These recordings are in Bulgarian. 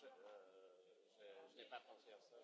je n'ai pas pensé à ça.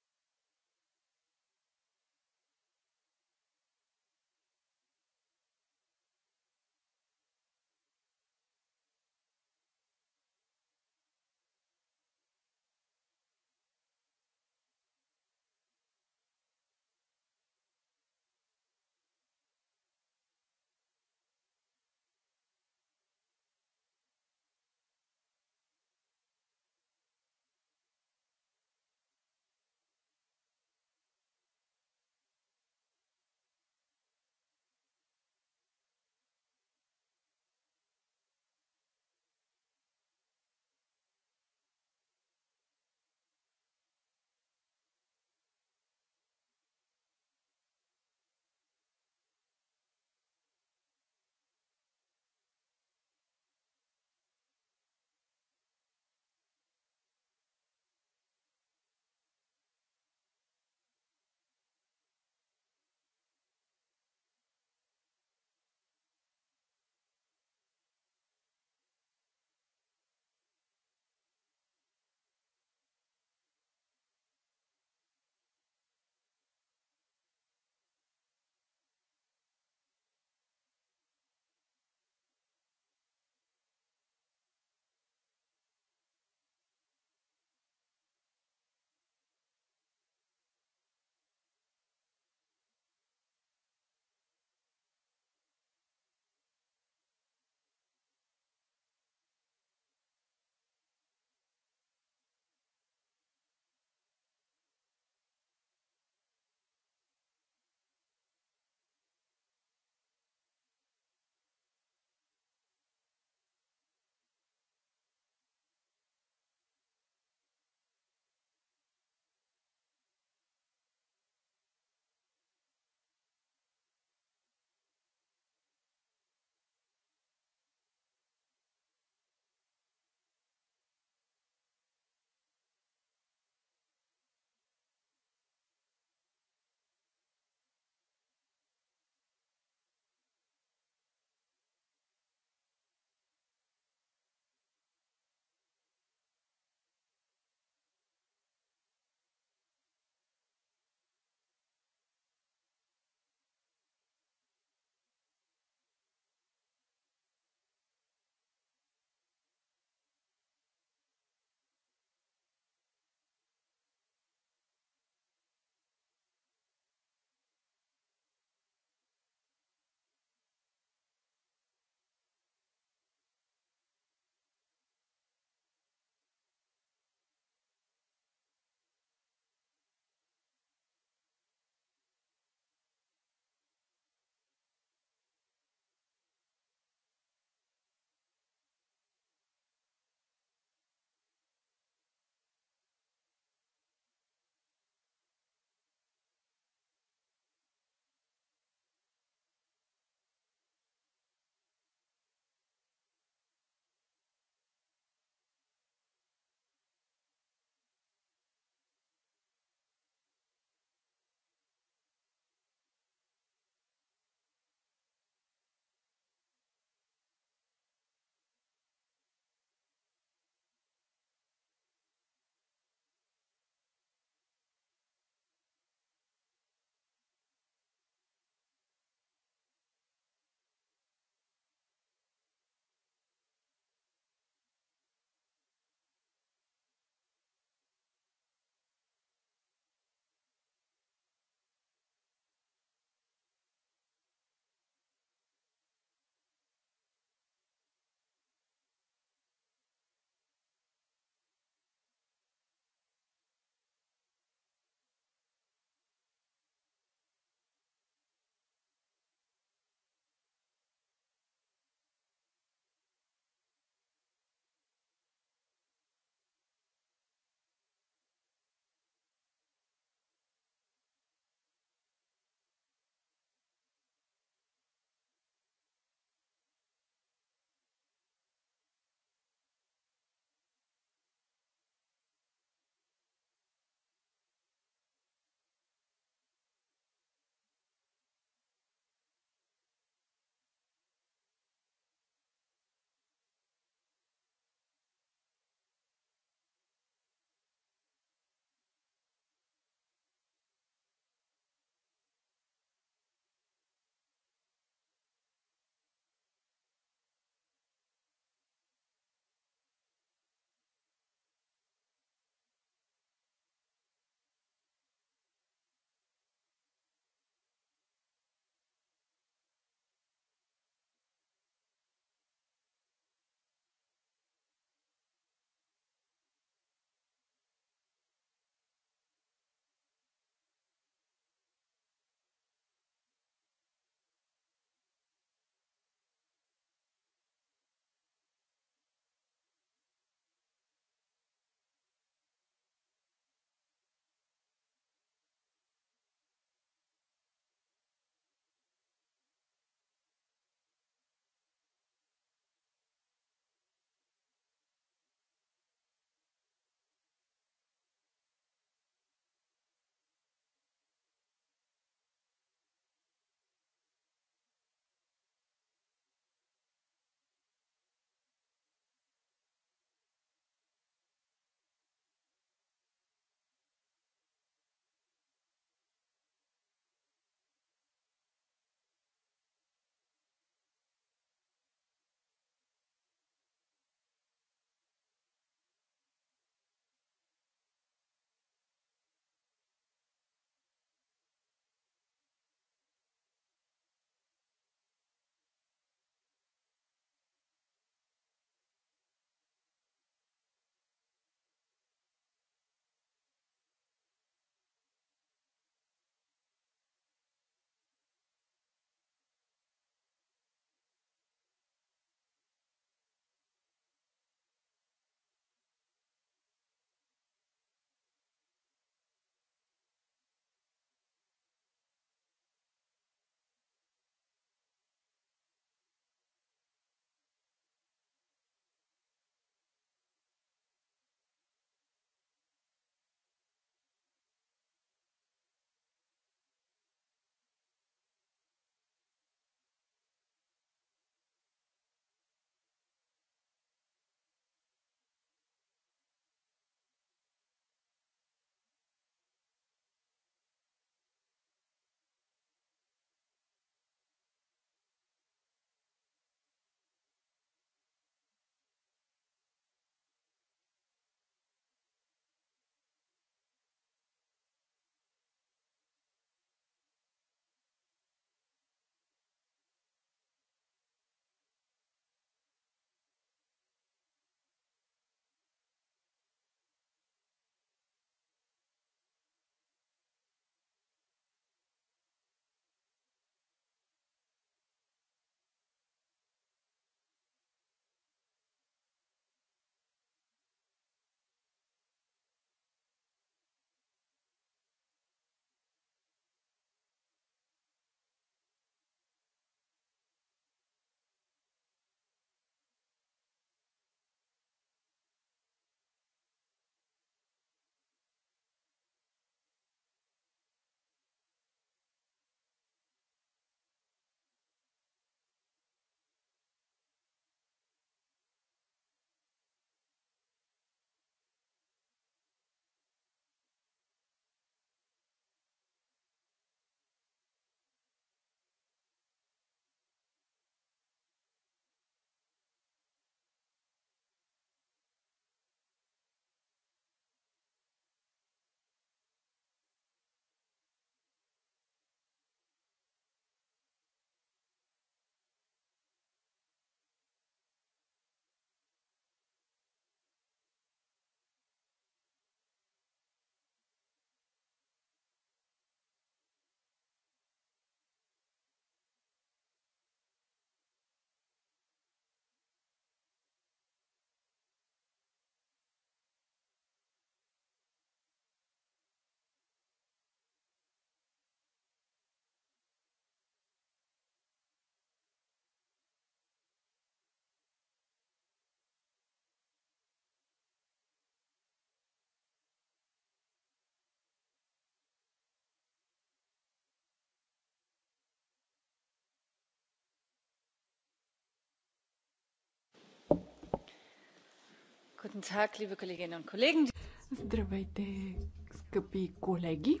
Здравейте, скъпи колеги!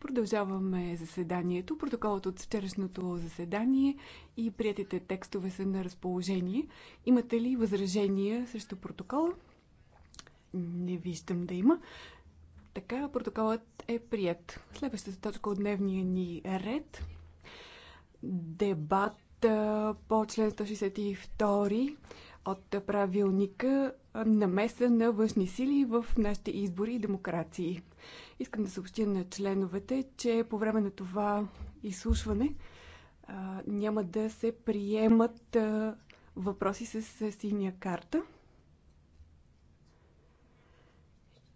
Продължаваме заседанието. Протоколът от вчерашното заседание и приятите текстове са на разположение. Имате ли възражения срещу протокола? Не виждам да има. Така, протоколът е прият. Следващата точка от дневния ни ред. Дебат по член 162 от правилника намеса на външни сили в нашите избори и демокрации. Искам да съобщя на членовете, че по време на това изслушване а, няма да се приемат а, въпроси с с синия карта.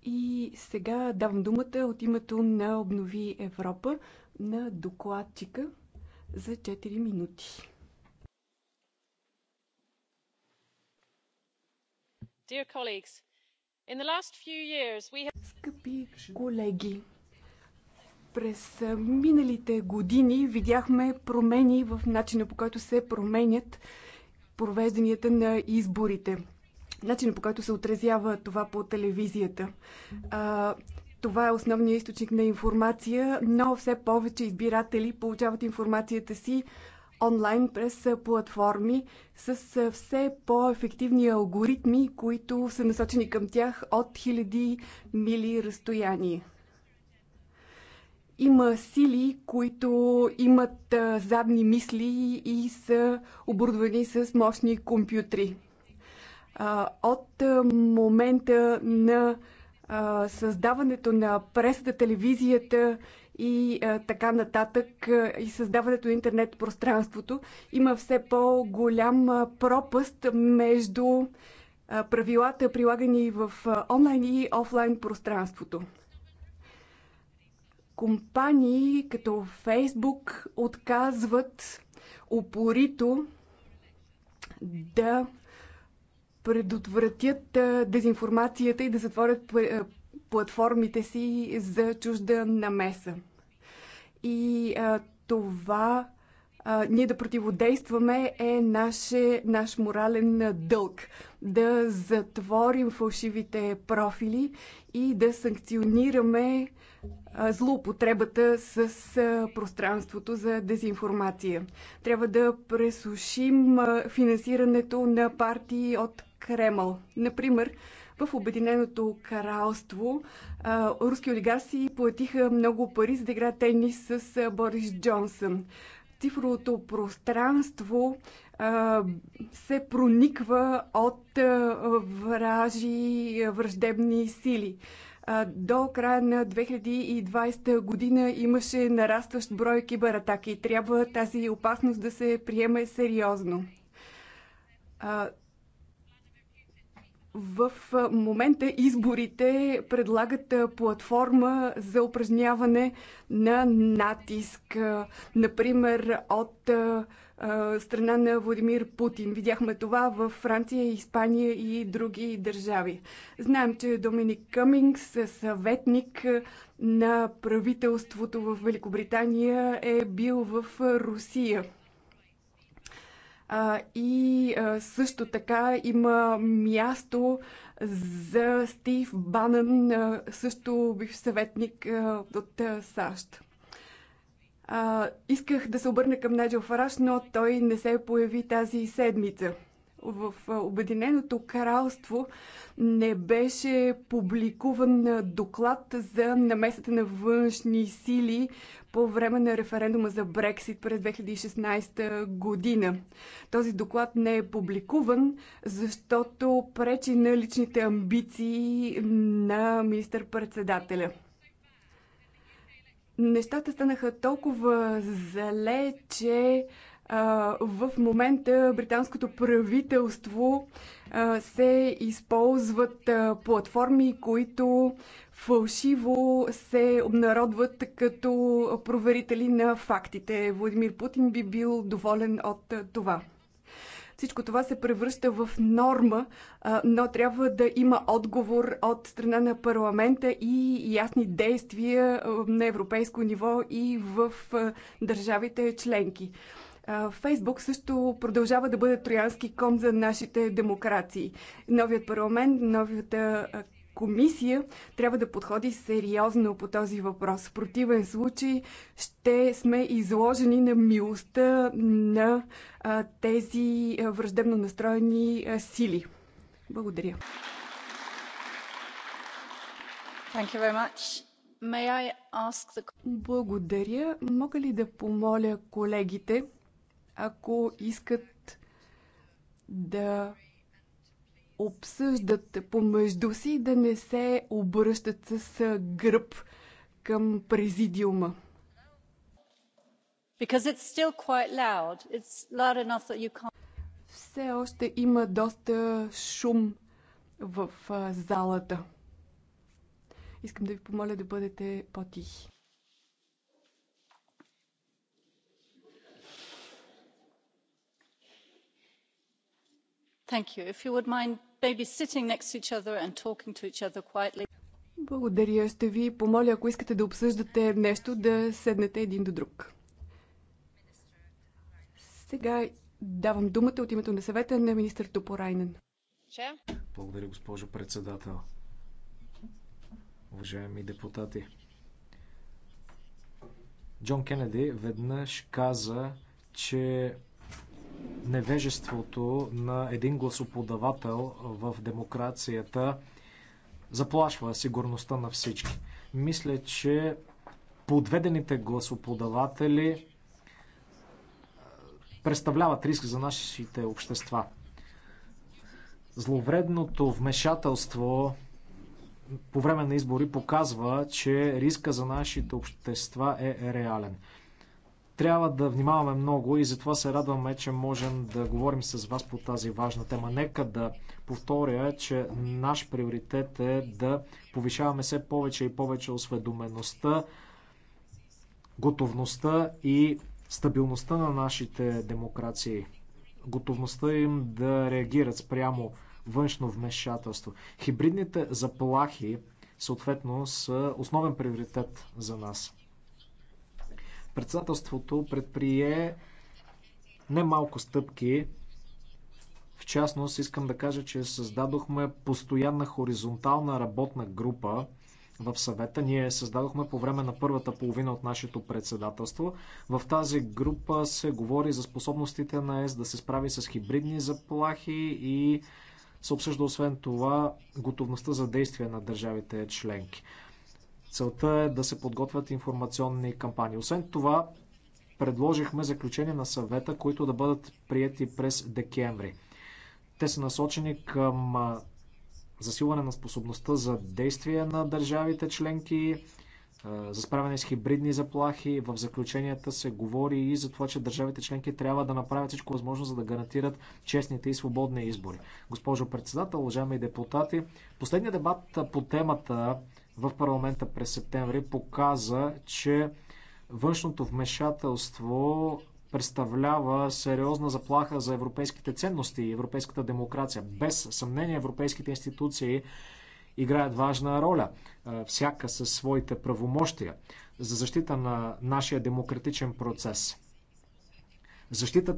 И сега давам думата от името на Обнови Европа на докладчика за 4 минути. Скъпи колеги, през миналите години видяхме промени в начина по който се променят провежданията на изборите. Начина по който се отразява това по телевизията. това е основният източник на информация, но все повече избиратели получават информацията си онлайн през платформи с все по-ефективни алгоритми, които са насочени към тях от хиляди мили разстояние. Има сили, които имат задни мисли и са оборудвани с мощни компютри. От момента на създаването на пресата, телевизията и а, така нататък а, и създаването на интернет пространството, има все по-голям пропаст между а, правилата, прилагани в а, онлайн и офлайн пространството. Компании като Фейсбук отказват опорито да предотвратят дезинформацията и да затворят платформите си за чужда намеса и а, това а, ние да противодействаме е наше, наш морален дълг. Да затворим фалшивите профили и да санкционираме а, злоупотребата с а, пространството за дезинформация. Трябва да пресушим а, финансирането на партии от Кремъл. Например, в Обединеното кралство а, руски олигарси платиха много пари за да играят тенис с а, Борис Джонсън. Цифровото пространство а, се прониква от а, вражи, враждебни сили до края на 2020 година имаше нарастващ брой кибератаки. Трябва тази опасност да се приеме сериозно. В момента изборите предлагат платформа за упражняване на натиск, например от страна на Владимир Путин. Видяхме това в Франция, Испания и други държави. Знаем, че Доминик Къмингс, съветник на правителството в Великобритания, е бил в Русия а, и а, също така има място за Стив Банън, а, също бив съветник а, от а, САЩ. А, исках да се обърна към Наджел Фараш, но той не се появи тази седмица. В Обединеното кралство не беше публикуван доклад за намесата на външни сили по време на референдума за Брексит през 2016 година. Този доклад не е публикуван, защото пречи на личните амбиции на министър-председателя нещата станаха толкова зле, че в момента британското правителство се използват платформи, които фалшиво се обнародват като проверители на фактите. Владимир Путин би бил доволен от това. Всичко това се превръща в норма, но трябва да има отговор от страна на парламента и ясни действия на европейско ниво и в държавите членки. Фейсбук също продължава да бъде троянски кон за нашите демокрации. Новият парламент, новията комисия трябва да подходи сериозно по този въпрос. В противен случай ще сме изложени на милостта на тези враждебно настроени сили. Благодаря. Thank you very much. May I ask the... Благодаря. Мога ли да помоля колегите ако искат да обсъждат помежду си, да не се обръщат с гръб към президиума. Все още има доста шум в залата. Искам да ви помоля да бъдете по-тихи. Благодаря. Ще ви помоля, ако искате да обсъждате нещо, да седнете един до друг. Сега давам думата от името на съвета на министър Топорайнен. Благодаря, госпожо председател. Уважаеми депутати, Джон Кенеди веднъж каза, че невежеството на един гласоподавател в демокрацията заплашва сигурността на всички. Мисля, че подведените гласоподаватели представляват риск за нашите общества. Зловредното вмешателство по време на избори показва, че риска за нашите общества е реален. Трябва да внимаваме много и затова се радваме, че можем да говорим с вас по тази важна тема. Нека да повторя, че наш приоритет е да повишаваме все повече и повече осведомеността, готовността и стабилността на нашите демокрации. Готовността им да реагират спрямо външно вмешателство. Хибридните заплахи съответно са основен приоритет за нас. Председателството предприе немалко стъпки. В частност, искам да кажа, че създадохме постоянна хоризонтална работна група в съвета. Ние създадохме по време на първата половина от нашето председателство. В тази група се говори за способностите на ЕС да се справи с хибридни заплахи и се обсъжда освен това готовността за действие на държавите членки. Целта е да се подготвят информационни кампании. Освен това, предложихме заключения на съвета, които да бъдат прияти през декември. Те са насочени към засилване на способността за действие на държавите членки, за справяне с хибридни заплахи. В заключенията се говори и за това, че държавите членки трябва да направят всичко възможно, за да гарантират честните и свободни избори. Госпожо председател, уважаеми депутати, последният дебат по темата в парламента през септември показа, че външното вмешателство представлява сериозна заплаха за европейските ценности и европейската демокрация. Без съмнение европейските институции играят важна роля, всяка със своите правомощия за защита на нашия демократичен процес. Защитата